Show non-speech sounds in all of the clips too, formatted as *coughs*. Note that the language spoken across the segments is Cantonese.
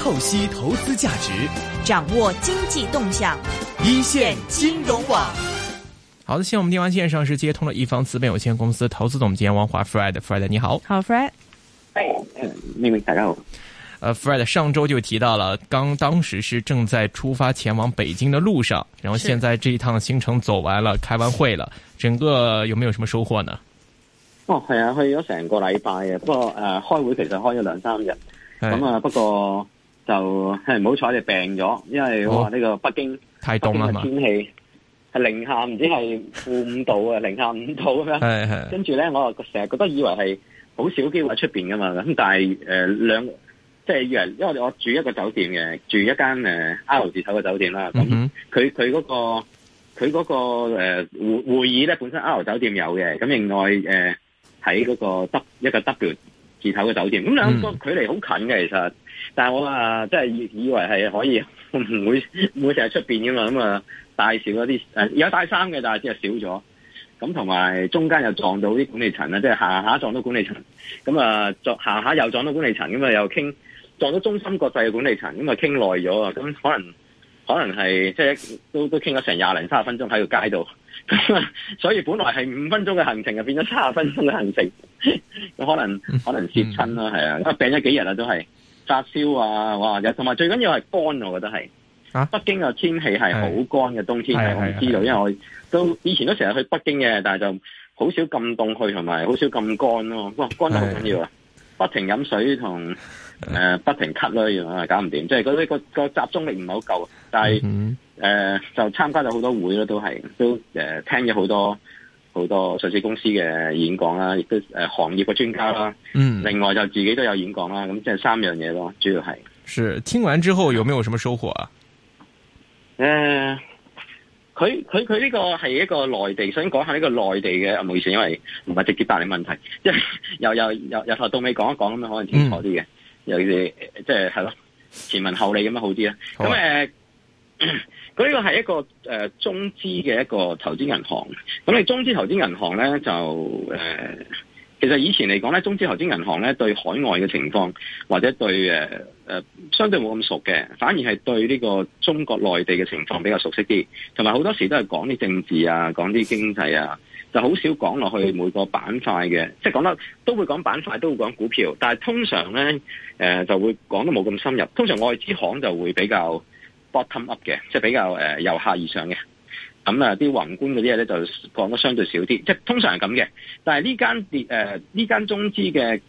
透析投資價值，掌握經濟動向，一線金融網。好的，現在我們電話線上是接通了一方資本有限公司投資總監王華 （Fred）。Fred，你好。好，Fred。哎，你好。呃，Fred，上週就提到了，剛當時是正在出發前往北京的路上，然後現在這一趟行程走完了，是開完會了，整個有沒有什麼收穫呢？哦，係啊，去咗成個禮拜啊，不過呃開會其實開咗兩三日，咁啊、哎，不過。就唔好彩，你病咗，因為我話呢個北京太凍啦嘛，北京天氣係零下，唔知係負五度啊，零下五度啦。係係。跟住咧，我成日覺得以為係好少機會喺出邊噶嘛。咁但係誒、呃、兩個，即係以為，因為我住一個酒店嘅，住一間誒 R 字頭嘅酒店啦。咁佢佢嗰個佢嗰、個誒會、呃、會議咧，本身 R 酒店有嘅。咁另外誒喺嗰個 W 一個 W 字頭嘅酒店，咁兩個距離好近嘅其實。但係我啊，即係以以為係可以，唔會唔會成日出邊噶嘛，咁、嗯、啊帶少咗啲，誒而家帶衫嘅，但係只係少咗。咁同埋中間又撞到啲管理層啊，即係下下撞到管理層，咁、嗯、啊下下又撞到管理層，咁、嗯、啊又傾撞到中心國際嘅管理層，咁啊傾耐咗啊，咁、嗯、可能可能係即係都都傾咗成廿零三十分鐘喺個街度，咁、嗯、啊、嗯、 *laughs* 所以本來係五分鐘嘅行程，就變咗三十分鐘嘅行程，咁、嗯嗯、 *laughs* 可能可能接親啦，係啊，因為病咗幾日啦，都係。發燒啊，哇！又同埋最緊要係乾，我覺得係。啊、北京嘅天氣係好乾嘅的冬天，我唔知道，因為我都以前都成日去北京嘅，但係就好少咁凍去，同埋好少咁乾咯、啊。哇，乾得好緊要啊！不停飲水同誒不停咳咯，要啊搞唔掂，即係嗰啲個、那個集中力唔係好夠，但係誒、嗯呃、就參加咗好多會咯，都係都誒、呃、聽咗好多。好多上市公司嘅演講啦，亦都誒行業嘅專家啦。嗯，另外就自己都有演講啦。咁即係三樣嘢咯，主要係。是聽完之後有冇有什麼收穫啊？誒、呃，佢佢佢呢個係一個內地，想講下呢個內地嘅唔好意思，因為唔係直接答你問題，即係由由由由頭到尾講一講咁樣，可能清楚啲嘅。嗯、尤其是即係係咯，前文後理咁樣好啲啦。咁誒、啊。嗯呃所以呢個係一個誒、呃、中資嘅一個投資銀行。咁你中資投資銀行咧就誒、呃，其實以前嚟講咧，中資投資銀行咧對海外嘅情況或者對誒、呃、相對冇咁熟嘅，反而係對呢個中國內地嘅情況比較熟悉啲。同埋好多時都係講啲政治啊，講啲經濟啊，就好少講落去每個板塊嘅。即係講得都會講板塊，都會講股票，但係通常咧誒、呃、就會講得冇咁深入。通常外資行就會比較，bottom up 嘅，即係比較誒、呃、由下而上嘅。咁、嗯、啊，啲宏觀嗰啲嘢咧就講得相對少啲，即係通常係咁嘅。但係呢間跌呢間中資嘅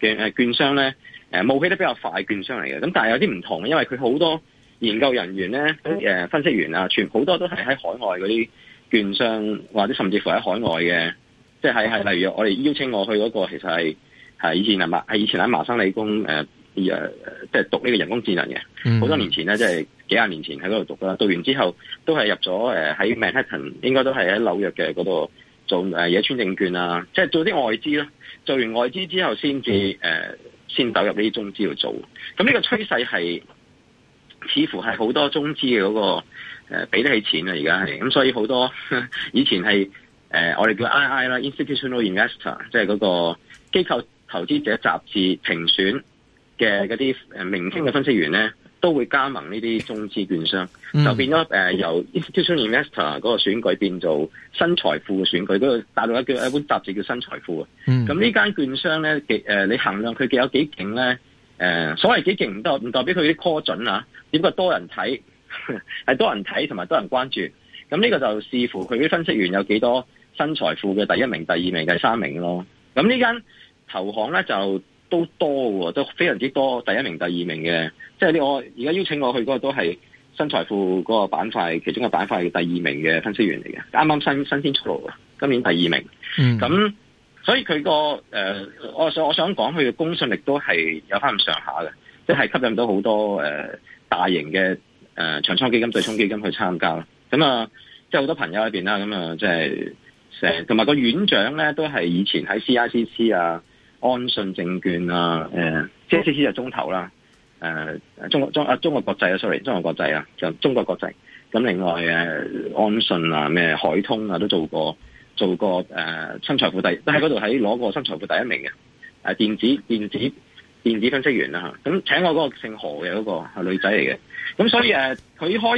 誒券商咧，誒冒起得比較快，券商嚟嘅。咁但係有啲唔同，因為佢好多研究人員咧、嗯呃、分析員啊，全好多都係喺海外嗰啲券商，或者甚至乎喺海外嘅，即係係例如我哋邀請我去嗰、那個，其實係以前喺嘛，係以前喺麻省理工、呃而即係讀呢個人工智能嘅，好多年前咧，即係幾廿年前喺嗰度讀啦。讀完之後都係入咗誒喺 Manhattan，應該都係喺紐約嘅嗰度做誒、呃、野村證券啊，即係做啲外資啦。做完外資之後才、呃，先至誒先走入呢啲中資度做。咁、嗯、呢、這個趨勢係似乎係好多中資嘅嗰個誒俾、呃、得起錢啊！而家係咁，所以好多呵呵以前係誒、呃、我哋叫 II 啦，institutional investor，即係嗰個機構投資者雜誌評選。嘅嗰啲誒明星嘅分析員咧，嗯、都會加盟呢啲中資券商，嗯、就變咗誒、呃、由 institution investor 嗰個選舉變做新財富嘅選舉。嗰個大陸有叫一本雜誌叫新財富啊。咁呢間券商咧嘅誒，你衡量佢嘅有幾勁咧？誒、呃，所謂幾勁，唔代唔代表佢啲 call 準啊？只不過多人睇係 *laughs* 多人睇，同埋多人關注。咁呢個就視乎佢啲分析員有幾多新財富嘅第一名、第名、第二名、第三名咯。咁呢間投行咧就。都多喎，都非常之多。第一名、第二名嘅，即係呢，我而家邀請我去嗰個都係新財富嗰個板塊，其中個板塊係第二名嘅分析員嚟嘅，啱啱新新鮮出爐，今年第二名。咁、嗯、所以佢個誒，我想我想講佢嘅公信力都係有翻咁上下嘅，即、就、係、是、吸引到好多誒、呃、大型嘅誒、呃、長倉基金、對沖基金去參加啦。咁啊，即係好多朋友喺邊啦，咁啊，即係成同埋個院長咧，都係以前喺 CICC 啊。安信證券啊，誒，JCC 就中投啦，誒，中中啊，中國國際啊，sorry，中國國際啊，就中國國際。咁另外誒、啊，安信啊，咩海通啊，都做過做過誒新財富第一，都喺嗰度喺攞過新財富第一名嘅。誒、啊、電子電子電子，電子分析員啊。嚇，咁請我嗰個姓何嘅嗰個係女仔嚟嘅。咁所以誒，佢、啊、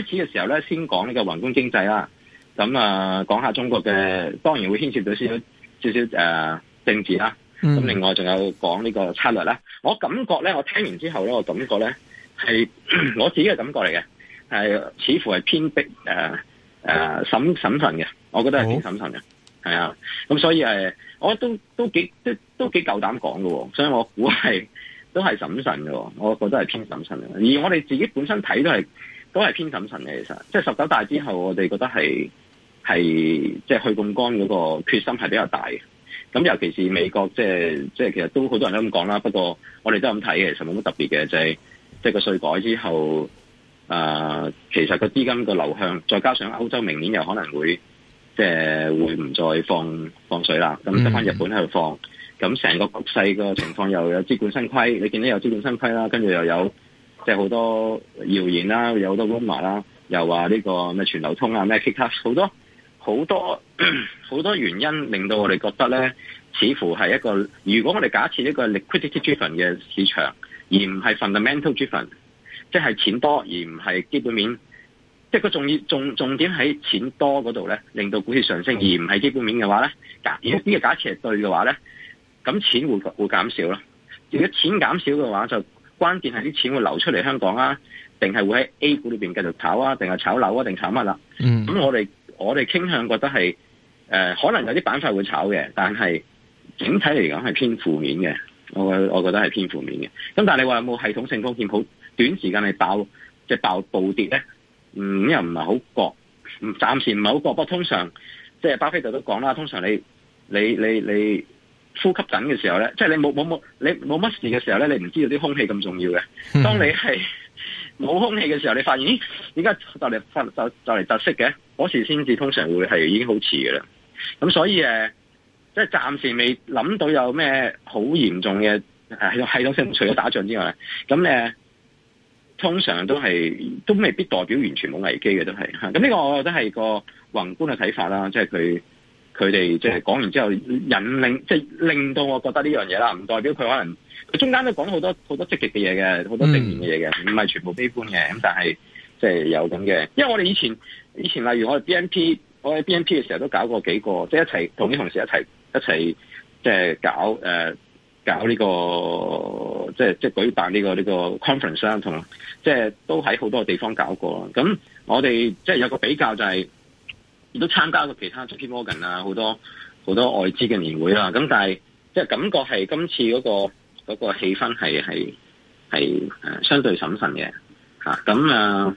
開始嘅時候咧，先講呢個宏觀經濟啦。咁啊，講下中國嘅，當然會牽涉到少少少少誒、啊、政治啦。咁另外仲有講呢個策略咧，我感覺咧，我聽完之後咧，我感覺咧係我自己嘅感覺嚟嘅，係似乎係偏逼誒誒審審慎嘅，我覺得係偏審慎嘅，係啊好，咁所以係，我都都幾都都幾夠膽講嘅，所以我估係都係審慎嘅，我覺得係偏審慎嘅。而我哋自己本身睇都係都係偏審慎嘅，其實即係十九大之後，我哋覺得係係即係去槓桿嗰個決心係比較大嘅。咁尤其是美國，即係即係其實都好多人都咁講啦。不過我哋都咁睇嘅，其實冇乜特別嘅，就係、是、即係個稅改之後，啊、呃，其實個資金個流向，再加上歐洲明年又可能會即係會唔再放放水啦。咁得翻日本喺度放，咁成、嗯、個局勢個情況又有資管新規，你見到有資管新規啦，跟住又有即係好多謠言啦，有好多 rumor 啦，又話呢、這個咩全流通啊，咩 kick off 好多好多。好 *coughs* 多原因令到我哋覺得咧，似乎係一個。如果我哋假設一個 liquidity driven 嘅市場，而唔係 fundamental driven，即係錢多而唔係基本面，即係個重要重重點喺錢多嗰度咧，令到股市上升，而唔係基本面嘅話咧，假如果呢個假設係對嘅話咧，咁錢會，會減少咯。如果錢減少嘅話，就關鍵係啲錢會流出嚟香港啊，定係會喺 A 股裏邊繼續炒啊，定係炒樓啊，定炒乜啦、啊？咁、啊嗯、我哋。我哋傾向覺得係誒、呃，可能有啲板塊會炒嘅，但係整體嚟講係偏負面嘅。我我覺得係偏負面嘅。咁但係你話有冇系統性風險？好短時間係爆即係爆暴跌咧？唔、嗯、又唔係好確。暫時唔係好確。不過通常，即係巴菲特都講啦，通常你你你你，你呼吸緊嘅時候咧，即係你冇冇冇你冇乜事嘅時候咧，你唔知道啲空氣咁重要嘅。 *laughs* 當你係冇空氣嘅時候，你發現咦，而家就嚟就就就嚟窒息嘅。嗰時先至通常會係已經好遲嘅啦，咁所以誒、啊，即係暫時未諗到有咩好嚴重嘅係系統性，除咗打仗之外咧，咁誒、啊、通常都係都未必代表完全冇危機嘅，都係嚇。咁呢個我覺得係個宏觀嘅睇法啦，即係佢佢哋即係講完之後引領，即係令到我覺得呢樣嘢啦，唔代表佢可能佢中間都講好多好多積極嘅嘢嘅，好多正面嘅嘢嘅，唔係全部悲觀嘅。咁但係即係有咁嘅，因為我哋以前。以前例如我哋 B N P，我係 B N P 嘅時候都搞過幾個，即係一齊同啲同事一齊一齊即係搞誒、呃、搞呢、這個即係即係舉辦呢、這個呢、這個 conference 啦、啊，同即係都喺好多地方搞過，咁我哋即係有個比較就係、是、亦都參加過其他譬如 Morgan 啊，好多好多外資嘅年會啦、啊。咁但係即係感覺係今次、那個、那個氣氛係係係誒相對審慎嘅嚇。咁啊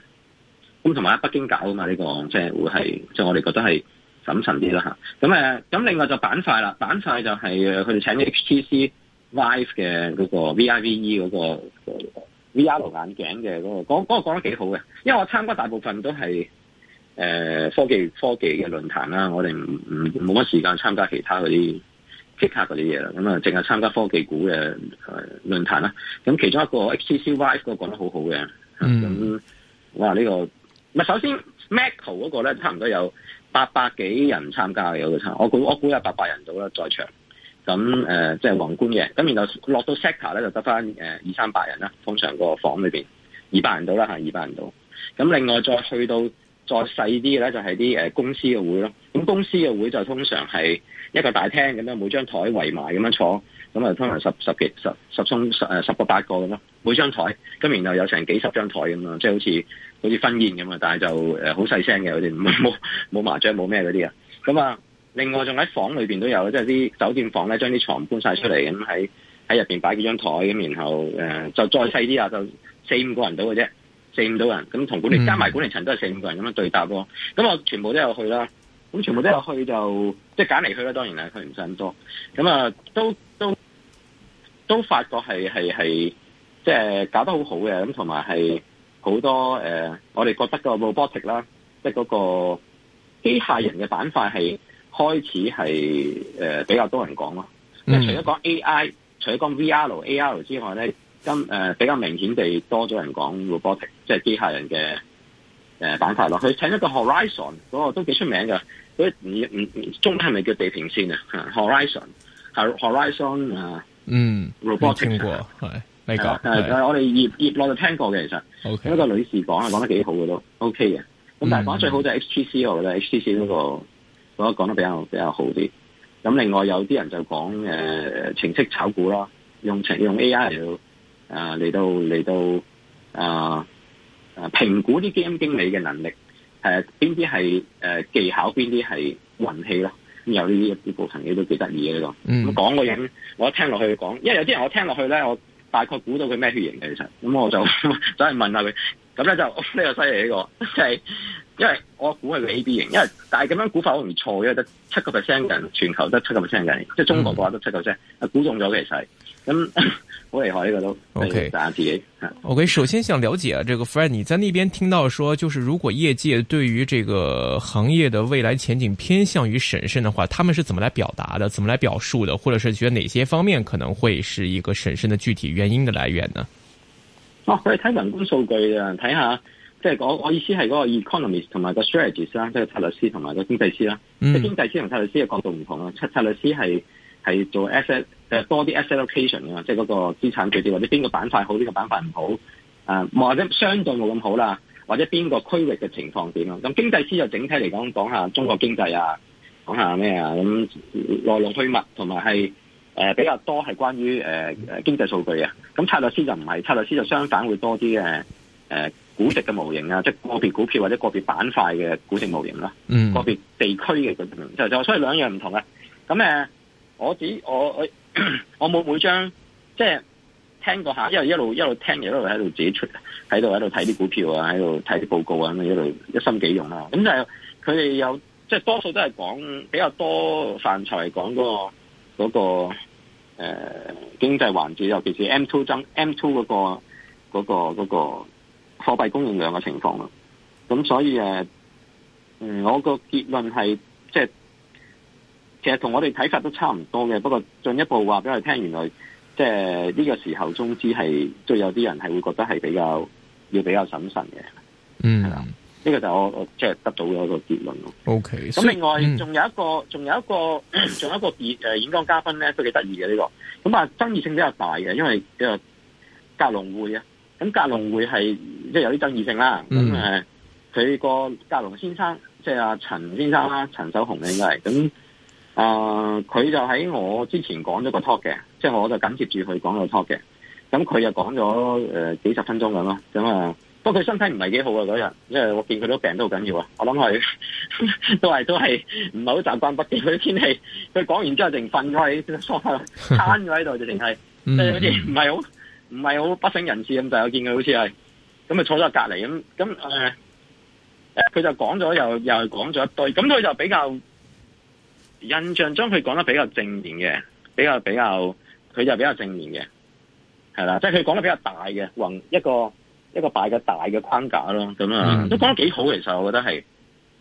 ～那、呃咁同埋喺北京搞啊嘛，呢、這個即係會係即係我哋覺得係審慎啲啦吓。咁誒，咁另外就板塊啦，板塊就係誒佢哋請 H T C Vive 嘅嗰個 V I V E 嗰個 V R 眼鏡嘅嗰個，嗰、嗰個講、那個那個那個，得幾好嘅。因為我參加大部分都係誒、呃、科技科技嘅論壇啦，我哋唔唔冇乜時間參加其他嗰啲其他嗰啲嘢啦，咁啊淨係參加科技股嘅論壇啦。咁、呃、其中一個 H T C Vive 個講得好好嘅，咁、嗯、哇呢、這個。首先 Macau 嗰個咧，差唔多有八百幾人參加嘅，我估我估有八百人到啦，在場。咁即係皇冠嘅。咁然後落到 sector 咧，就得翻二三百人啦。通常個房裏面，二百人到啦，係二百人到。咁另外再去到再細啲嘅咧，就係啲誒公司嘅會咯。咁公司嘅會就通常係一個大廳咁樣，每張台圍埋咁樣坐，咁啊通常十十幾十十、呃、十個八個咁咯，每張台。咁然後有成幾十張台咁樣，即係好似。好似婚宴咁啊，但係就誒好細聲嘅嗰啲，冇、呃、冇麻雀冇咩嗰啲啊。咁啊，另外仲喺房裏邊都有，即係啲酒店房咧，將啲床搬晒出嚟咁喺喺入邊擺幾張台咁，然後誒、呃、就再細啲啊，就四五個人到嘅啫，四五到人咁同管理加埋管理層都係四五個人咁、嗯嗯、樣對答咯。咁我全部都有去啦，咁全部都有去就、啊、即係揀嚟去啦，當然係佢唔使咁多。咁啊，都都都發覺係係係即係搞得好好嘅，咁同埋係。好多誒、呃、我哋覺得個 robotic 啦，即係嗰個機械人嘅板塊係開始係誒、呃、比較多人講咯。嗯、即除咗講 AI，除咗講 VR、AR 之外咧，今誒、呃、比較明顯地多咗人講 robotic，即係機械人嘅誒、呃、板塊咯。佢請一個 Horizon 嗰個都幾出名嘅，佢唔唔中文係咪叫地平線啊？Horizon 係 Horizon 啊？Horizon, 呃、嗯，robotic 係。robotic, *laughs* 係我哋業業內就聽過嘅，其實 Okay.、嗯，咁一個女士講啊，講得幾好嘅都 OK 嘅。咁但係講得最好就係 H T C 我覺得，H T C 嗰、那個嗰講得，得比較比較好啲。咁另外有啲人就講誒程式炒股啦，用程用 A I 嚟、呃、到誒嚟到嚟到啊啊評估啲基金經理嘅能力，誒邊啲係誒技巧，邊啲係運氣啦。咁有呢一啲部分嘢都幾得意嘅呢個。咁講個人，我一聽落去講，因為有啲人我聽落去咧，我。大概估到佢咩血型嘅，其實，咁我就走去、就是、問，問下佢，咁咧就呢、哦，這個犀利呢個，即係因為我估係佢 AB 型，因為但係咁樣估法好唔錯，因為得七個 percent 人，全球得七個 percent 嘅人，即係中國嘅話得七個 percent，估中咗其實，咁。喂，好厲害呢個都 OK，打字嘅 OK。首先想了解啊，這個 friend，你在那邊聽到說，就是如果業界對於這個行業的未來前景偏向於審慎的話，他們是怎麼來表達的？怎麼來表述的？或者是覺得哪些方面可能會是一個審慎的具體原因的來源呢？哦，我哋睇人工數據啊，睇下即係我我意思係嗰個 economist 同埋個 strategist 啦，即係策略師同埋個經濟師啦。嗯，即係經濟師同策略師嘅角度唔同啊。策策略師係。係做 asset，就多啲 asset allocation 啊，即係嗰個資產配置，或者邊個板塊好，呢個板塊唔好、呃，或者相對冇咁好啦，或者邊個區域嘅情況點啊？咁經濟師就整體嚟講，講下中國經濟啊，講下咩啊？咁內陸推物，同埋係誒比較多係關於誒誒經濟數據啊。咁策略師就唔係，策略師就相反會多啲嘅誒估值嘅模型啊，即係個別股票或者個別板塊嘅估值模型啦、啊，個別、嗯、地區嘅嗰啲，就、嗯、就所以兩樣唔同嘅，咁誒。呃我只我我我冇每張即係聽過下，因為一路一路聽嘢，一路喺度自己出，喺度喺度睇啲股票啊，喺度睇啲報告啊，一路一心幾用啦。咁就係佢哋有即係、就是、多數都係講比較多範疇、嗰個，講、嗰、嗰個嗰個誒經濟環節，尤其是 M two M two 嗰、嗰個嗰、嗰個嗰、嗰個貨幣、嗰個、供應量嘅情況咯。咁所以誒、嗯，我個結論係即係。就是其實同我哋睇法都差唔多嘅，不過進一步話俾我哋聽，原來即係呢、這個時候中是，中資係都有啲人係會覺得係比較要比較審慎嘅。嗯，係啦，呢、這個就是我我即係得到咗一個結論咯。O K，咁另外仲有一個，仲、嗯、有一個，仲有，有一個演誒演講嘉賓咧都幾得意嘅呢個。咁啊，爭議性比較大嘅，因為呢個格隆會啊，咁格隆會係即係有啲爭議性啦。咁誒、嗯，佢個格隆先生即係阿陳先生啦，陳、嗯、守紅應該係咁。啊！佢、呃、就喺我之前講咗個 talk 嘅，即係我就緊接住佢講個 talk 嘅。咁佢又講咗誒幾十分鐘咁咯。咁、嗯、啊，不過佢身體唔係幾好啊嗰日，因為我見佢都病得好緊要啊。我諗佢 *laughs* 都係都係唔係好習慣北京嗰啲天氣。佢講完之後還，淨係瞓咗喺沙發，癱咗喺度，淨係即係好似唔係好唔係好不省人事咁。就我見佢好似係咁啊，那坐咗隔籬咁。咁誒，誒、呃，佢就講咗又又係講咗一堆。咁佢就比較。印象中佢講得比較正面嘅，比較比較佢就比較正面嘅，係啦，即係佢講得比較大嘅，宏一個一個的大嘅大嘅框架咯。咁啊，嗯、都講得幾好，其實我覺得係，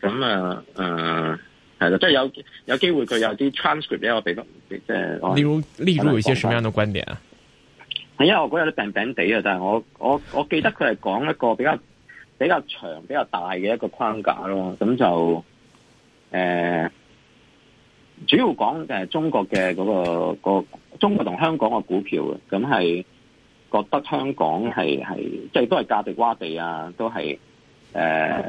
咁啊，誒、呃，係啦，即係有有機會佢有啲 transcript 咧，我俾即係。例如例如，有些什麼樣的觀點啊？係因為我嗰日都病病地啊，但係我我我記得佢係講一個比較比較長比較大嘅一個框架咯，咁就誒。呃主要講誒中國嘅嗰個個中國同香港嘅股票嘅，咁係覺得香港係係即係都係價值洼地啊，都係誒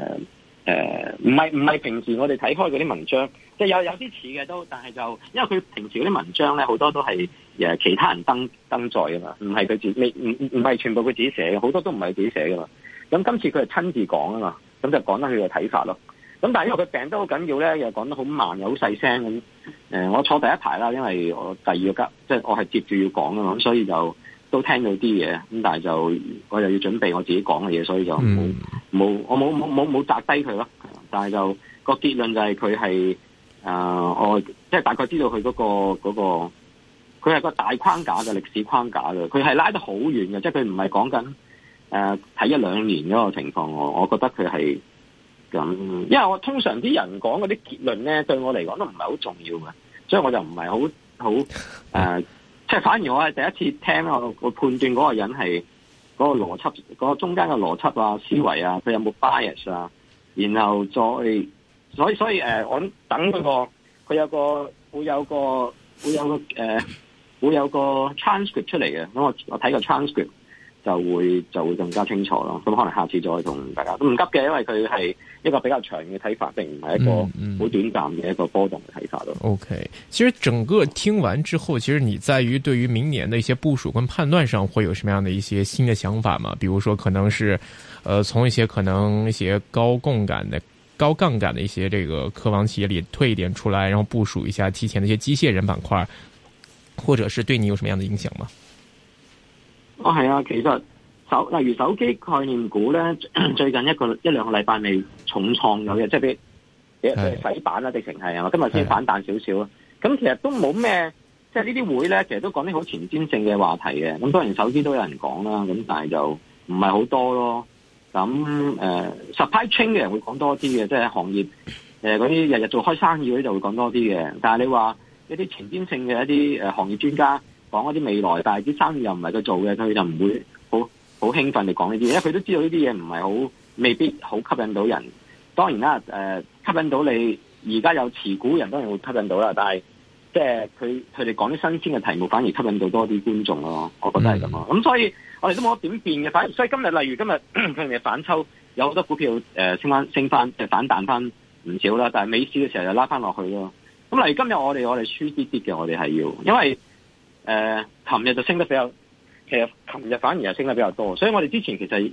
誒，唔係唔係平時我哋睇開嗰啲文章，即係有有啲似嘅都，但係就因為佢平時嗰啲文章咧，好多都係誒其他人登登載噶嘛，唔係佢自己唔唔係全部佢自己寫嘅，好多都唔係自己寫噶嘛。咁今次佢係親自講啊嘛，咁就講得佢嘅睇法咯。咁但係因為佢病得好緊要咧，又講得好慢又好細聲咁。誒、呃，我坐第一排啦，因為我第二家即係我係接住要講嘅，咁所以就都聽到啲嘢。咁但係就我又要準備我自己講嘅嘢，所以就冇冇、嗯、我冇冇冇冇砸低佢咯。但係就、那個結論就係佢係誒，我即係大概知道佢嗰個個，佢、那、係、個、個大框架嘅歷史框架嘅，佢係拉得好遠嘅，即係佢唔係講緊誒睇一兩年嗰個情況。我我覺得佢係。咁、嗯，因為我通常啲人講啲結論咧，對我嚟講都唔係好重要嘅，所以我就唔係好好誒，即係反而我係第一次聽我判斷個人係個邏輯、嗰個中間嘅邏輯啊、思維啊，佢有冇 bias 啊，然後再所以所以誒、呃、我等佢個佢有個會有個會有個誒、呃、會有個 transcript 出嚟嘅，咁我我睇個 transcript。就會就會更加清楚咯，咁可能下次再同大家唔急嘅，因為佢係一個比較長嘅睇法，並唔係一個好短暫嘅一個波動嘅睇法咯。OK，其實整個聽完之後，其實你在於對於明年的一些部署跟判斷上，會有什麼樣的一些新的想法嗎？比如說，可能是，呃，從一些可能一些高槓杆的高槓杆的一些這個科網企業裏退一點出來，然後部署一下提前的一些機械人板塊，或者是對你有什麼樣的影響嗎？哦，係啊，其實手例如手機概念股咧，最近一個一兩個禮拜未重創咗嘅，即係俾俾洗版啦，直情係啊，的今日先反彈少少啊。咁的其實都冇咩，即係呢啲會咧，其實都講啲好前瞻性嘅話題嘅。咁當然手機都有人講啦，咁但係就唔係好多咯。咁誒、呃、，supply chain 嘅人會講多啲嘅，即係行業誒、嗰、呃、啲日日做開生意嗰啲就會講多啲嘅。但係你話一啲前瞻性嘅一啲誒、呃、行業專家。講嗰啲未來，但係啲生意又唔係佢做嘅，佢就唔會好好興奮地講呢啲，嘢，因為佢都知道呢啲嘢唔係好，未必好吸引到人。當然啦，誒、呃，吸引到你而家有持股人，當然會吸引到啦。但係即係佢佢哋講啲新鮮嘅題目，反而吸引到多啲觀眾咯。我覺得係咁咯。咁、嗯嗯嗯、所以我哋都冇點變嘅，反而所以今日，例如今日佢哋反抽，有好多股票誒、呃、升翻、升翻，即反彈翻唔少啦。但係尾市嘅時候就拉翻落去咯。咁、嗯、例如今日我哋我哋輸啲啲嘅，我哋係要因為。誒，琴日、呃、就升得比較，其實琴日反而又升得比較多，所以我哋之前其實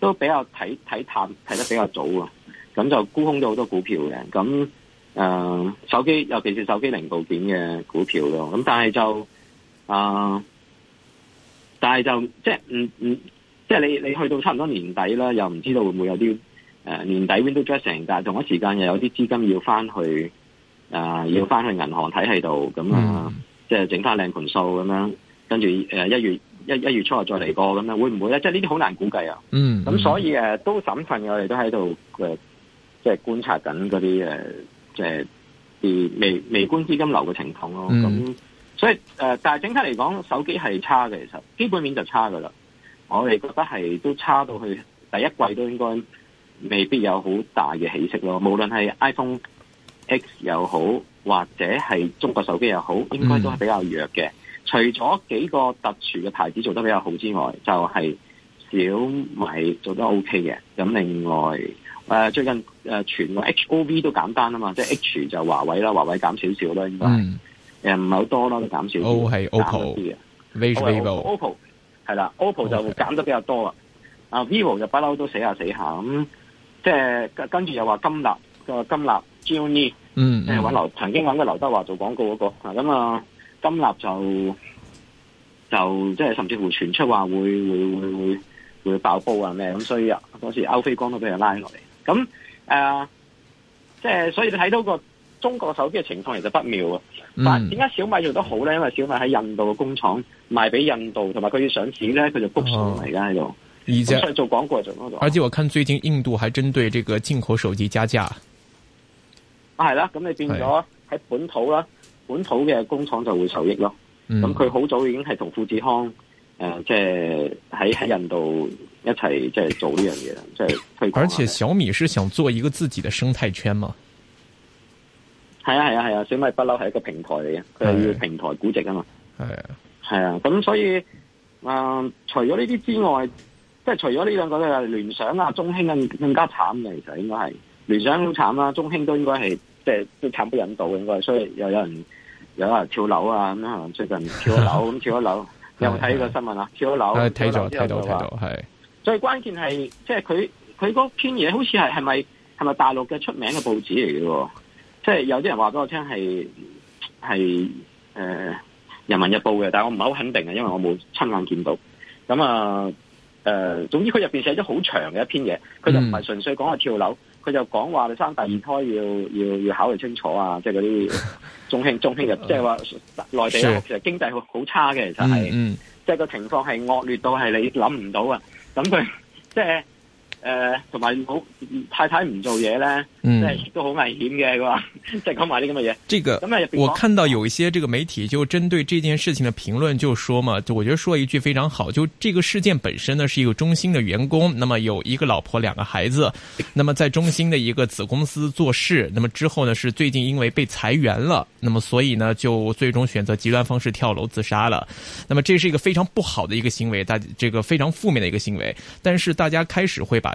都比較睇睇淡睇得比較早啊，咁就沽空咗好多股票嘅，咁誒、呃、手機尤其是手機零部件嘅股票咯，咁但係就誒，但係就即係唔唔，即係你你去到差唔多年底啦，又唔知道會唔會有啲誒、呃、年底 window dressing，但係同一時間又有啲資金要翻去誒、呃，要翻去銀行體系度咁啊。即係整翻靚盤數咁樣，跟住誒一月一一月初再嚟過咁樣，會唔會咧？即係呢啲好難估計啊、嗯！嗯，咁所以誒都審慎，我哋都喺度誒，即、呃、係觀察緊嗰啲誒，即係啲微微觀資金流嘅情況咯。咁、嗯、所以誒、呃，但係整體嚟講，手機係差嘅，其實基本面就差噶啦。我哋覺得係都差到去，第一季都應該未必有好大嘅起色咯。無論係 iPhone X 又好。或者係中國手機又好，應該都係比較弱嘅。嗯、除咗幾個特殊嘅牌子做得比較好之外，就係、是、小米做得 OK 嘅。咁另外，誒、呃、最近誒、呃、全個 HOV 都簡單啊嘛，即係 H 就華為啦，華為減少少啦，應該係唔係好多都減少。O 係 OPPO 嘅 VIVO OPPO 啦 OPPO 就減得比較多啊。啊 okay.，VIVO 就不嬲都死下死下咁，即係跟住又話金立嘅金立 Jony。嗯，誒、嗯，搵劉曾經搵過劉德華做廣告嗰、那個，咁啊金立就就即係甚至乎傳出話會會會會爆煲啊咩咁，所以啊嗰時歐菲光都俾人拉落嚟，咁誒、呃、即係所以你睇到個中國手機嘅情況其實不妙啊。但點解小米做得好咧？因為小米喺印度嘅工廠賣俾印度，同埋佢要上市咧，佢就 book 數嚟噶喺度。而且做廣告就嗰度。而且我看最近印度還針對這個進口手機加價。啊，係啦，咁你變咗喺本土啦，的本土嘅工廠就會受益咯。咁佢好早已經係同富士康，誒、呃，即係喺喺印度一齊即係做呢樣嘢，即係推廣。而且小米是想做一個自己嘅生態圈嘛？係啊係啊係啊，小米不嬲係一個平台嚟嘅，佢係要平台估值啊嘛。係啊係啊，咁的所以啊、呃，除咗呢啲之外，即係除咗呢兩個咧，聯想啊，中興更更加慘嘅，其實應該係聯想好慘啦，中興都應該係。即係都慘不忍睹嘅，所以又有人有人跳樓啊，跳樓啊，咁啊最近跳咗樓，咁跳咗樓，有冇睇呢個新聞啊？跳咗樓，睇咗 *laughs* 了，睇到，睇到，係。所以最關鍵係即係佢佢嗰篇嘢，好似係係咪係咪大陸嘅出名嘅報紙嚟嘅？ *laughs* 即係有啲人話俾我聽係係誒人民日報嘅，但係我唔係好肯定啊，因為我冇親眼見到。咁啊誒，總之佢入邊寫咗好長嘅一篇嘢，佢就唔係純粹講啊跳樓。嗯佢就講話，你生第二胎要、嗯、要要考慮清楚啊！即係嗰啲中興，中興入，即係話內地其實經濟好 *laughs* 差嘅，其實係，即、就、係、是、個情況，係惡劣到係你諗唔到啊！咁佢即係。就是呃同埋好太太唔做嘢呢，嗯，即係都好危險嘅，佢話即係講埋啲咁嘅嘢。這個我看到有一些這個媒體就針對這件事情的評論，就說嘛，就我覺得說一句非常好，就這個事件本身呢是一個中心的員工，那麼有一個老婆兩個孩子，那麼在中心的一個子公司做事，那麼之後呢是最近因爲被裁員了，那麼所以呢就最終選擇極端方式跳樓自殺了。那麼這是一個非常不好的一個行爲，大這個非常負面的一個行爲，但是大家開始會把。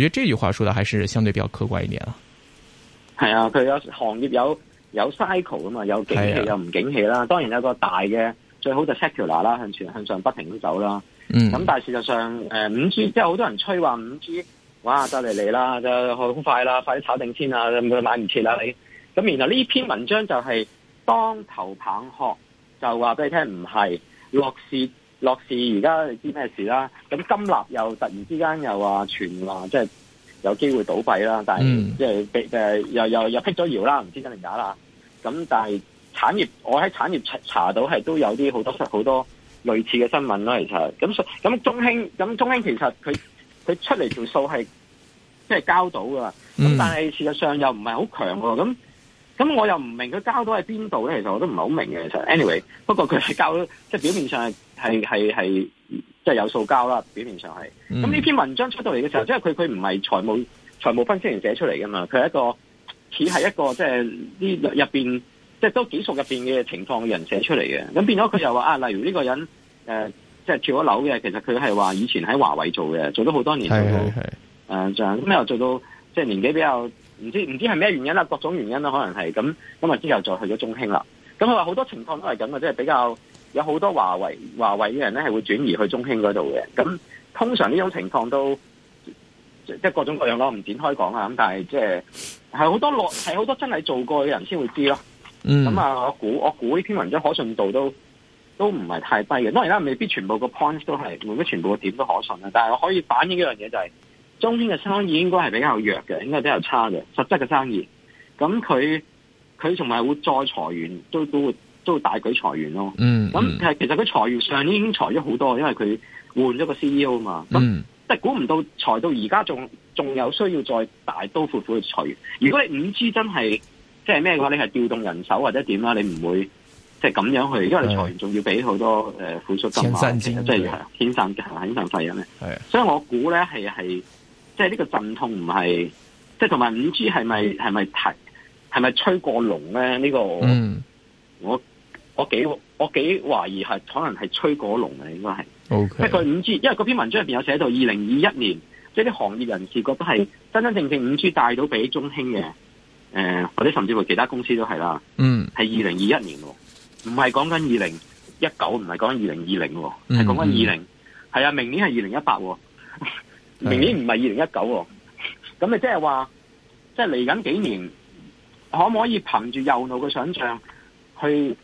我覺得這句話說得還是相對比較客觀一點啦。係啊，佢有、啊、行業有有 cycle 噶嘛，有景氣又唔景氣啦。啊、當然有一個大嘅最好就 secular 啦，向前向上不停咁走啦。嗯，咁但係事實上誒，五、呃、G 即係好多人吹話五 G，哇，就嚟嚟啦，就好快啦，快啲炒定先啊，咁買唔切啦你。咁然後呢篇文章就係當頭棒喝，就話俾你聽唔係落蝕。樂視而家你知咩事啦？咁金立又突然之間又話傳話，即係有機會倒閉啦。但係即係，mm. 又又又辟咗謠啦，唔知真定假啦。咁但係產業，我喺產業查,查到係都有啲好多好多類似嘅新聞囉。其實咁咁中興咁中興其實佢佢出嚟條數係即係交到噶，咁，mm. 但係事實上又唔係好強喎。咁咁我又唔明佢交到喺邊度咧。其實我都唔係好明嘅。其實 anyway，不過佢係交即係表面上係。係係係即係有數交啦，表面上係。咁呢篇文章出到嚟嘅時候，即係佢佢唔係財務財務分析員寫出嚟噶嘛，佢係一個似係一個即係呢入面，即係都幾熟入面嘅情況嘅人寫出嚟嘅。咁變咗佢又話啊，例如呢個人，呃、即係跳咗樓嘅，其實佢係話以前喺華為做嘅，做咗好多年做，誒咁又做到即係年紀比較唔知唔知係咩原因啦，啊，各種原因啦，啊，可能係咁咁啊之後就去咗中興啦。咁佢話好多情況都係咁嘅，即係比較。有好多華為華為嘅人咧，係會轉移去中興嗰度嘅。咁通常呢種情況都即係各種各樣咯，唔展開講啦。咁但係即係係好多落係好多真係做過嘅人先會知咯。咁啊、嗯，我估我估呢篇文章可信度都都唔係太低嘅。當然啦，未必全部個 point 都係，未必全部個點都可信啦。但係我可以反映一樣嘢就係、是、中興嘅生意應該係比較弱嘅，應該比較差嘅，實質嘅生意。咁佢佢仲係會再裁員，都都會。都大舉裁員咯。嗯，咁、嗯、係其實佢裁員上年已經裁咗好多，因為佢換咗個 C E O 啊嘛。嗯，即係估唔到裁到而家仲仲有需要再大刀闊斧去裁員。如果你五 G 真係即係咩嘅話，你係調動人手或者點啦，你唔會即係咁樣去，因為你裁員仲要俾好多誒，付出、嗯呃、金嘛，即係遣散費用咧。所以我估咧係係即係呢個陣痛唔係即係同埋五 G 係咪係咪提係咪吹過龍咧？呢、這個我。嗯我我幾我幾懷疑係可能係吹過龍嘅，應該係。OK。即係佢五 G，因為嗰篇文章入邊有寫到二零二一年，即係啲行業人士覺得係真真正正五 G 帶到俾中興嘅，誒或者甚至乎其他公司都係啦。嗯。係二零二一年喎、喔，唔係講緊二零一九，唔係講緊二零二零，係講緊二零，係啊，明年係二零一八，明年唔係二零一九，咁你即係話，即係嚟緊幾年，可唔可以憑住右腦嘅想象去？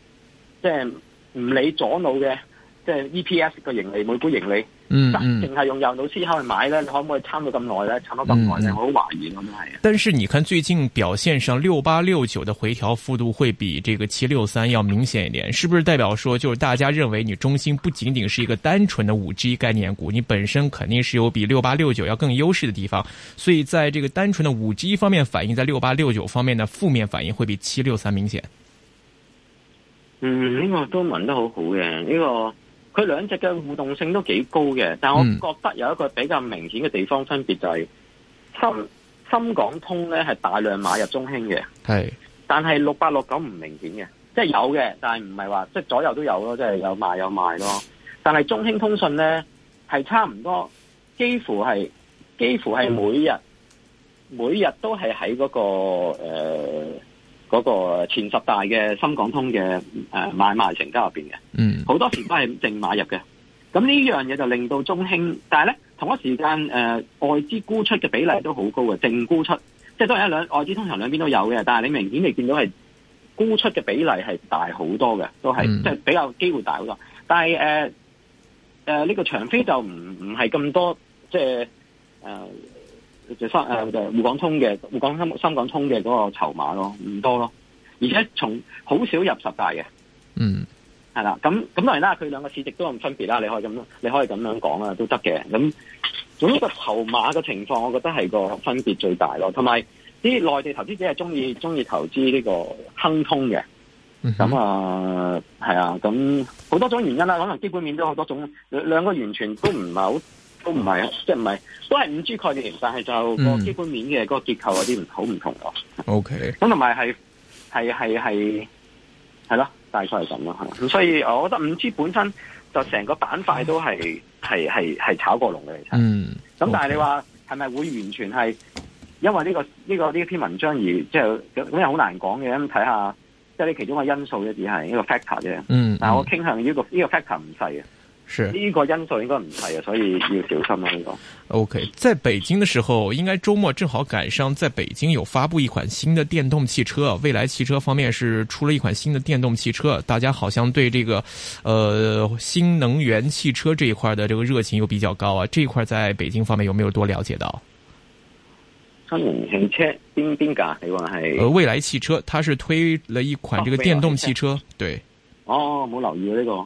即係唔理左腦嘅，即係 E P S 個盈利每股盈利，真淨係用右腦思考去買咧，你可唔可以撐到咁耐咧？撐到咁耐咧，我好懷疑咁樣係。但是你看最近表現上，六八六九嘅回調幅度會比這個七六三要明顯一點，是不是代表說，就是大家認為你中興不僅僅是一個單純的五 G 概念股，你本身肯定是有比六八六九要更優勢的地方，所以在這個單純的五 G 方面反應在六八六九方面的負面反應會比七六三明顯。嗯，呢、這個都聞得很好好嘅，呢、這個佢兩隻嘅互動性都幾高嘅，但係我覺得有一個比較明顯嘅地方分別就係、是嗯、深深港通咧係大量買入中興嘅，係是，但係六八六九唔明顯嘅，即係有嘅，但係唔係話即係左右都有咯，即、就、係、是、有買有賣咯，但係中興通訊咧係差唔多，幾乎係幾乎係每日、嗯、每日都係喺嗰個誒。呃嗰個前十大嘅深港通嘅誒、呃、買賣成交入邊嘅，好、嗯、多時都係淨買入嘅。咁呢樣嘢就令到中興，但係咧同一時間誒、呃、外資沽出嘅比例都好高嘅，淨沽出，即係都係一兩外資通常兩邊都有嘅，但係你明顯未見到係沽出嘅比例係大好多嘅，都係即係比較機會大好多。但係誒誒呢個長飛就唔唔係咁多，即係誒。呃就深，滬港通嘅，滬港深深港通嘅嗰個籌碼咯，唔多咯，而且從好少入十大嘅，嗯，係啦，咁咁當然啦，佢兩個市值都咁分別啦，你可以咁，你可以咁樣講啦，都得嘅。咁總呢個籌碼嘅情況，我覺得係個分別最大咯。同埋啲內地投資者係中意中意投資呢個亨通嘅，咁啊係啊，咁好多種原因啦，可能基本面都好多種，兩兩個完全都唔係好。都唔係啊，即係唔係都係五 G 概念，但係就個基本面嘅個結構有啲唔好唔同咯。O K. 咁同埋係係係係係咯，大概係咁咯。咁所以，我覺得五 G 本身就成個板塊都係係係係炒過龍嘅。嚟。嗯。咁、okay. 但係你話係咪會完全係因為呢個呢個呢篇文章而即係咁？又好難講嘅，咁睇下，即係你其中嘅因素只係一啲係呢個 factor 啫。嗯。但係我傾向呢個呢個 factor 唔細嘅。呢是個因素應該唔係啊，所以要小心啊。呢、這個。OK，在北京的時候，應該周末正好趕上，在北京有發布一款新的電動汽車。蔚來汽車方面是出了一款新的電動汽車，大家好像對這個，呃，新能源汽車這一塊的這個熱情又比較高啊。這一塊在北京方面有沒有多了解到？新能源汽車邊邊架？你話係？呃，蔚來汽車它是推了一款這個電動汽車，哦、車對。哦，冇留意呢、啊這個。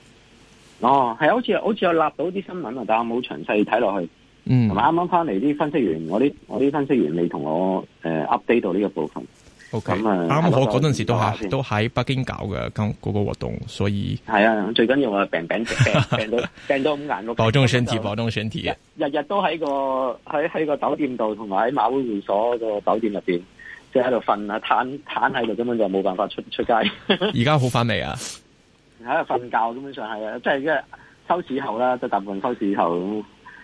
哦，係啊，好似好似有立到啲新聞啊，但係我冇詳細睇落去。嗯，同埋啱啱翻嚟啲分析員，我啲我啲分析員，你、呃、同 Okay,、嗯、我誒 update 到呢個部分。O K，咁啊，啱我嗰陣時都喺都喺北京搞嘅嗰、那個活動，所以係啊，最緊要啊病病病病，病到 *laughs* 病到五眼六。保重身體，保重身體。日日都喺個喺喺個酒店度，同埋喺馬會會所個酒店入邊，即係喺度瞓啊，躺躺喺度，根本就冇辦法出出街。而家好翻未啊？喺度瞓覺，基本上係啊，即係，即係收市後啦，即係大部分收市後。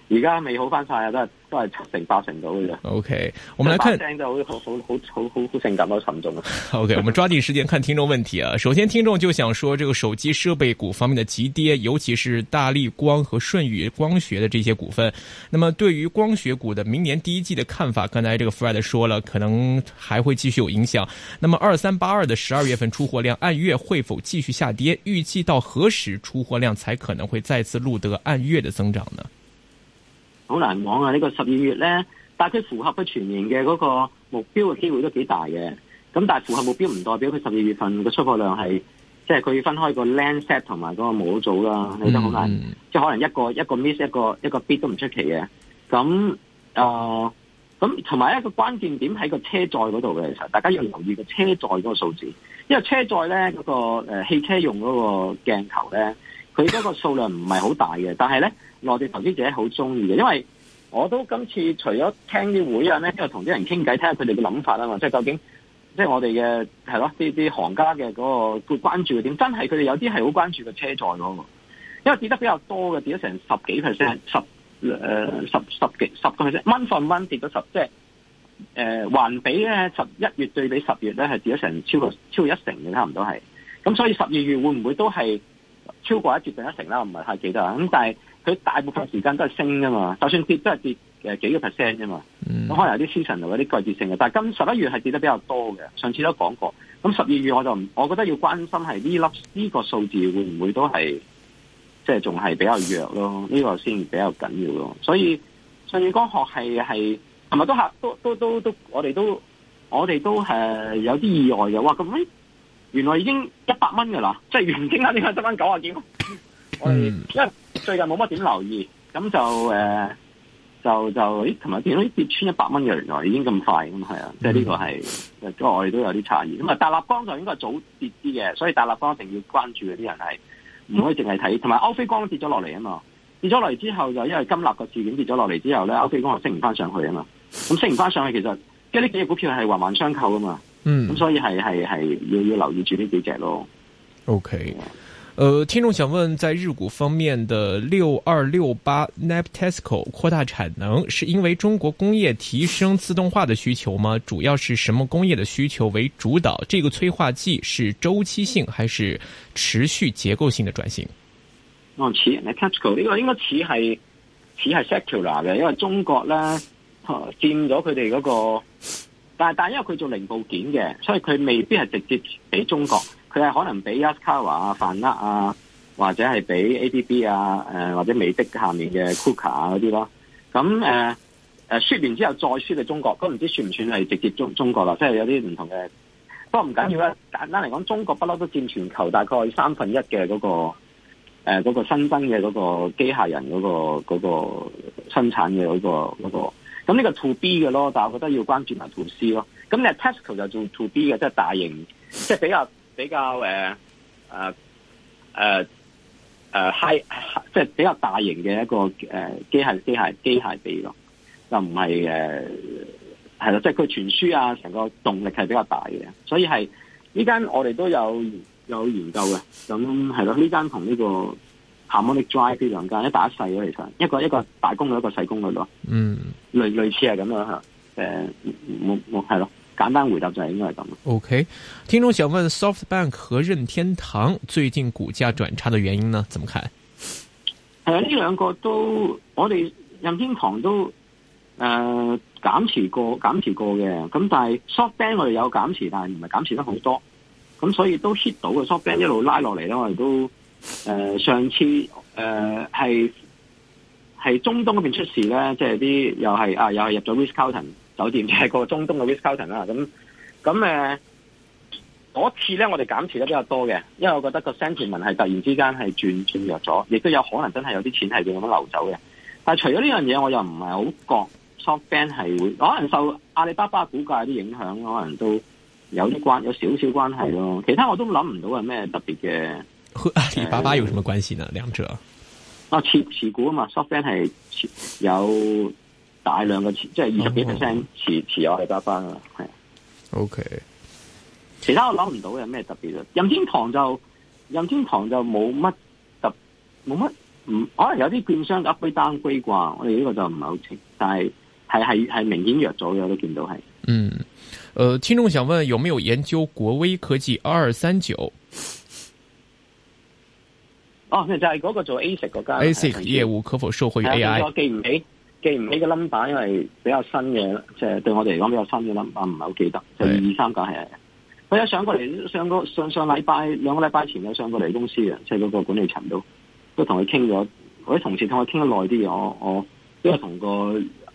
而家未好翻晒啊，都係都係七成八成到嘅啫。O、okay, K，我們來看好好好好好好性感好沉重啊。O、okay, K，我們抓緊時間看聽眾問題啊。 *laughs* 首先，聽眾就想說，這個手機設備股方面的急跌，尤其是大立光和舜宇光學的這些股份。那麼，對於光學股的明年第一季的看法，剛才這個 Fred 說了，可能還會繼續有影響。那麼，二三八二的十二月份出貨量按月會否繼續下跌？預計到何時出貨量才可能會再次錄得按月的增長呢？好難講啊！呢個、十二月呢個十二月咧，但係佢符合佢全年嘅嗰個目標嘅機會都幾大嘅。咁但係符合目標唔代表佢十二月份嘅出貨量係，即係佢分開嗰個 lens set 同埋嗰個模組啦，你都好難。嗯嗯，即係可能一個一個 miss 一個一個 beat 都唔出奇嘅。咁誒，咁同埋一個關鍵點喺個車載嗰度嘅，其實大家要留意個車載嗰個數字，因為車載咧嗰、嗰個、呃、汽車用嗰個鏡頭咧。佢一個數量唔係好大嘅，但係咧內地投資者好中意嘅，因為我都今次除咗聽啲會啊，咧又同啲人傾偈，睇下佢哋嘅諗法啊嘛，即係究竟即係我哋嘅係咯啲啲行家嘅嗰個佢關注嘅點，真係佢哋有啲係好關注個車載嗰個，因為跌得比較多嘅，跌咗成十幾 percent，十誒十十幾十個 percent，month for month 跌咗十，即係誒環比咧十一月對比十月咧係跌咗成超過超過一成嘅，差唔多係，咁所以十二月會唔會都係？超過一折定一成啦，我唔係太記得啦。咁但係佢大部分時間都係升噶嘛，就算跌都係跌誒幾個 percent 啫嘛。咁、嗯、可能有啲 season 嗰啲季節性嘅，但係今十一月係跌得比較多嘅。上次都講過，咁十二月我就唔，我覺得要關心係呢粒呢個數字會唔會都係即係仲係比較弱咯？呢、呢個先比較緊要咯。所以上譽科學係係同埋都嚇都都都我都我哋都我哋都係有啲意外嘅。哇！咁原來已經一百蚊噶啦，即係原先點解得翻九啊幾，我哋、嗯、 *laughs* 因為最近冇乜點留意，咁就誒、呃，就就咦，同埋見到跌穿一百蚊嘅？原來已經咁快咁啊，係啊、嗯，即係呢個係，即、這、係、個、我哋都有啲詫異。咁啊，大立光就應該係早跌啲嘅，所以大立光一定要關注嗰啲人係，唔可以淨係睇。同埋歐菲光跌咗落嚟啊嘛，跌咗落嚟之後就因為金立個事件跌咗落嚟之後咧，歐菲光又升唔翻上去啊嘛，咁升唔翻上去其實，即係呢幾隻股票係環環相扣噶嘛。嗯，咁所以係係係要要留意住呢幾隻咯。OK，呃，聽眾想問，在日股方面的六二六八 NepTesco 擴大產能，是因為中國工業提升自動化的需求嗎？主要是什麼工業的需求為主導？這個催化劑是周期性還是持續結構性的轉型？哦，似 NepTesco 呢個應該似係似係 secular 嘅，因為中國咧佔咗佢哋嗰個。但係，但係因為佢做零部件嘅，所以佢未必係直接俾中國，佢係可能俾 Yaskawa 啊、泛 *laughs* 克啊，或者係俾 ABB 啊、呃、誒或者美的下面嘅 k 庫卡啊嗰啲咯。咁誒誒輸完之後再輸嚟中國，都唔知算唔算係直接中中國啦？即係有啲唔同嘅，不過唔緊要啦。簡單嚟講，中國不嬲都佔全球大概三分一嘅嗰、嗰個誒、呃嗰個、新增嘅嗰個機械人嗰、嗰個嗰個生產嘅嗰個嗰個。嗰個咁呢個 to B 嘅咯，但係我覺得要關注埋 to C 咯。咁你 Tesla 就做 to B 嘅，即、就、係、是、大型，即、就、係、是、比較比較誒誒、呃、誒誒、呃呃、high，即係比較大型嘅一個誒、呃、機械機械機械臂咯，就唔係誒係啦，即係佢傳輸啊，成個動力係比較大嘅，所以係呢間我哋都有有研究嘅，咁係咯，呢間同呢個 Harmonic Drive 呢兩間一大一細嘅其實一個一個大功率，一個細功率。咯，嗯，類類似係咁樣吓，誒、呃，冇冇係咯，簡單回答就係應該係咁。O、okay, K，聽眾想問 SoftBank 和任天堂最近股價轉差嘅原因呢？怎麼看？係啊、呃，呢兩個都我哋任天堂都誒減、呃、持過減持過嘅，咁但係 SoftBank 我哋有減持，但係唔係減持得好多，咁所以都 hit 到嘅 SoftBank 一路拉落嚟啦，我哋都。誒、呃，上次誒係係中東嗰邊出事咧，即係啲又係啊，又係入咗瑞斯卡頓酒店，即、就、係、是、個中東嘅瑞斯卡頓啦。咁咁誒，呃、嗰次咧，我哋減持得比較多嘅，因為我覺得個 sentiment 係突然之間係轉轉弱咗，亦都有可能真係有啲錢係咁樣流走嘅。但係除咗呢樣嘢，我又唔係好覺 SoftBank 係會，可能受阿里巴巴股價啲影響，可能都有啲關，有少少關係咯。的其他我都諗唔到係咩特別嘅。和阿里巴巴有什麼關係呢？兩者啊，持持股啊嘛，SoftBank 係有大量嘅即係二十幾 percent 持持有阿里巴巴啊，係。OK，其他我諗唔到有咩特別嘅。任天堂就任天堂就冇乜特，冇乜唔可能有啲券商嘅 buy down buy 啩，我哋呢個就唔係好清，但係係係係明顯弱咗嘅，我都見到係。嗯，誒、呃，聽眾想問，有冇有研究國威科技二三九？哦，就係、是、嗰個做 ASIC 嗰間。ASIC 業務可否受惠 AI？我記唔起，記唔起個 number，因為比較新嘅，即、就、係、是、對我哋嚟講比較新嘅 number，唔係好記得，就二三九係。我有的上過嚟，上個上上禮拜兩個禮拜前嘅上過嚟公司啊。即係嗰個管理層都都同佢傾咗。我啲同事同佢傾得耐啲，我我都係同個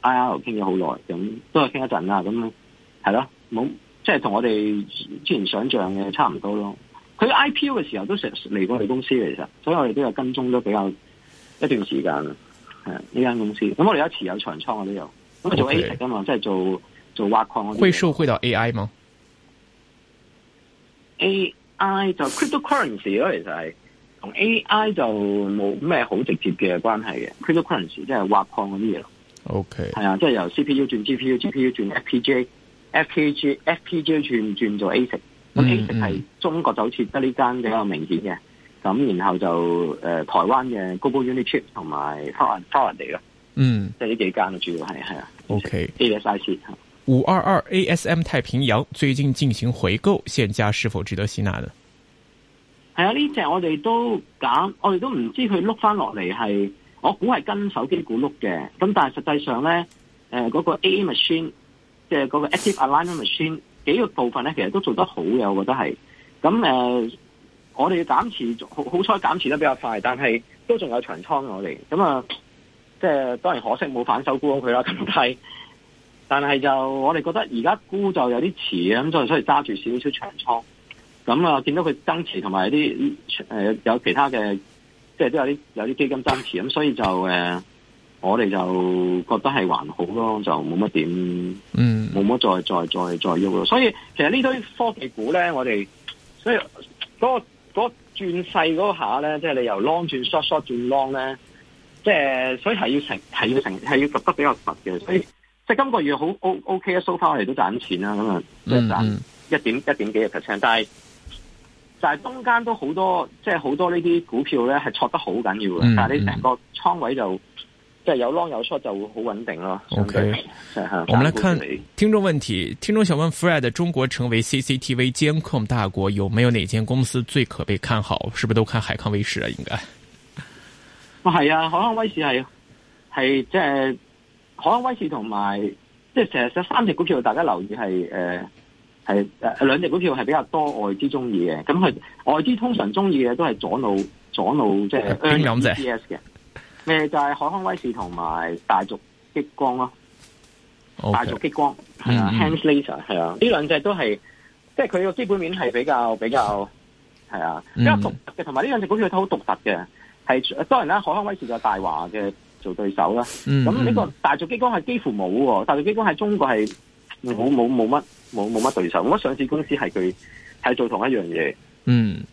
IR 傾咗好耐，咁都係傾一陣啦。咁係咯，冇即係同我哋之前想象嘅差唔多咯。佢 IPO 嘅時候都成嚟過我哋公司嚟嘅，所以我哋都有跟蹤咗比較一段時間。係啊，呢間公司，咁我哋有持有長倉，我都有。咁佢做 ASIC 啊嘛，Okay. 即係做做挖礦。會受惠到 AI 嗎？AI 就 cryptocurrency 咯，其 *laughs* 實係同 AI 就冇咩好直接嘅關係嘅。cryptocurrency 即係挖礦嗰啲嘢咯。OK，係啊，即係由 CPU 轉 GPU，GPU 轉 FPGA FPGA FPGA 轉轉做、ASIC。咁其實係中國就好似得呢間比較明顯嘅，咁、嗯、然後就誒、呃、台灣嘅 Google Unitech 同埋 Power Authority 嗯，即呢幾間主要係係啊。OK，A.S.I. 五二二 A.S.M 太平洋最近進行回購，現價是否值得吸納呢？係啊，呢隻、嗯、我哋都揀，我哋都唔知佢碌翻落嚟係，我估係跟手機股碌嘅，咁但係實際上咧，誒、那、嗰個 AA Machine 即係嗰個 Active Alignment Machine。幾個部分咧，其實都做得好嘅，我覺得係。咁誒、呃，我哋減持好，好彩減持得比較快，但係都仲有長倉我哋。咁啊、呃，即係當然可惜冇反手沽咗佢啦。咁但係，但係就我哋覺得而家沽就有啲遲啊。咁所以所以揸住少少長倉。咁啊、呃，見到佢增持同埋啲誒有其他嘅，即係都有啲有啲基金增持。咁所以就誒。呃我哋就覺得係還好咯，就冇乜點，冇乜再再再再喐咯。所以其實呢堆科技股咧，我哋所以嗰個嗰個轉勢嗰下咧，即係你由 long 轉 short，short 轉 long 咧，即係所以係要成係要成係要捉得比較實嘅。所以即係今個月好 O O K 啊，收翻我哋都賺錢啦，咁啊，即係賺一點一點幾嘅 percent，但係但係中間都好多，即係好多呢啲股票咧係錯得好緊要嘅，mm hmm。但係你成個倉位就。即係有 long 有 short 就會好穩定咯。OK，是我們來看聽眾問題，聽眾想問 Fred：中國成為 CCTV 監控大國，有沒有哪間公司最可被看好？是不是都看海康威視啊？應該，啊係啊，海康、啊、威視係係即係海康威視同埋即係成日有三隻股票大家留意係誒係誒兩隻股票係比較多外資中意嘅。咁佢外資通常中意嘅都係左腦左腦即係 U 型嘅。咩就係海康威視同埋大族激光咯，啊，Okay. 大族激光係啊，Han's Laser 係啊，呢、mm hmm. 啊、兩隻都係，即係佢個基本面係比較比較係啊，比較獨特嘅，同埋呢兩隻股票都好獨特嘅，係當然啦，海康威視就係大華嘅做對手啦，咁呢、mm hmm. 個大族激光係幾乎冇，大族激光喺中國係冇冇冇乜冇冇乜對手，咁上市公司係佢係做同一樣嘢，嗯、mm。Hmm.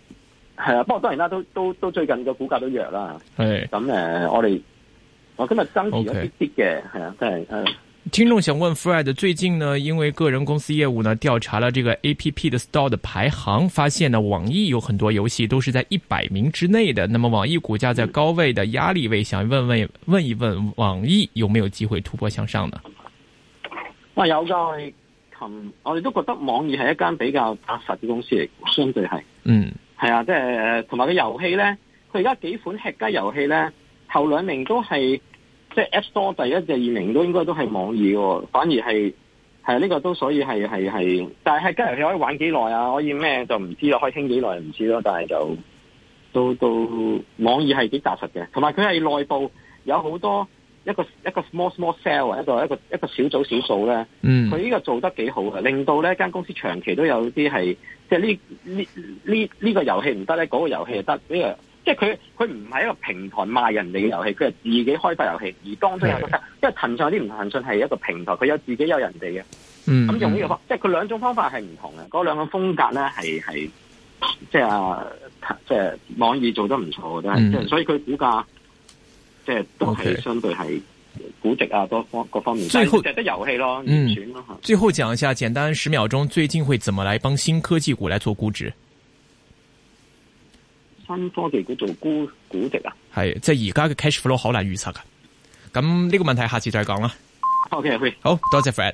係啊，不過當然啦，都都都最近嘅股價都弱啦。係咁誒，我哋我今日增持咗啲啲嘅，係 Okay. 啊，真係、啊。聽眾想問 Fred，最近呢，因為個人公司業務呢，調查了這個 A P P 的 Store 的排行，發現呢，網易有很多遊戲都是在一百名之內的。那麼網易股價在高位的、嗯、壓力位，想問問問一問，網易有沒有機會突破向上呢？我有在，我哋都覺得網易係一間比較紮實嘅公司嚟，相對係嗯。係啊，即係同埋個遊戲咧，佢而家幾款吃雞遊戲咧，頭兩名都係即係 App Store 第一第二名都應該都係網易喎，反而係係呢個都所以係係係，但係吃雞遊戲可以玩幾耐啊，可以咩就唔知啦，可以傾幾耐唔知咯，但係就都都網易係幾紮實嘅，同埋佢係內部有好多。一個一個 small small sale 啊，一個一個一個小組少數咧，佢呢、嗯、個做得幾好嘅，令到咧間公司長期都有啲係，即係呢呢呢呢個遊戲唔得咧，嗰、那個遊戲就得呢個，即係佢佢唔係一個平台賣人哋嘅遊戲，佢係自己開發遊戲，而當中有得，是因為騰訊有啲唔同，騰訊係一個平台，佢有自己有人哋嘅，咁、嗯、用呢個方法，即係佢兩種方法係唔同嘅，嗰、那、兩、個、個風格咧係係，即係啊即係、啊、網易做得唔錯嘅，都係、嗯，所以佢股價。即係都係相對係估值啊，多方各方面最好值得遊戲咯，入、嗯、選咯。最後講一下，簡單十秒鐘，最近會怎麼來幫新科技股嚟做估值？新科技股做估估值啊，係即係而家嘅 cash flow 好難預測噶。咁呢個問題下次再講啦。OK，, okay. 好多謝 Fred。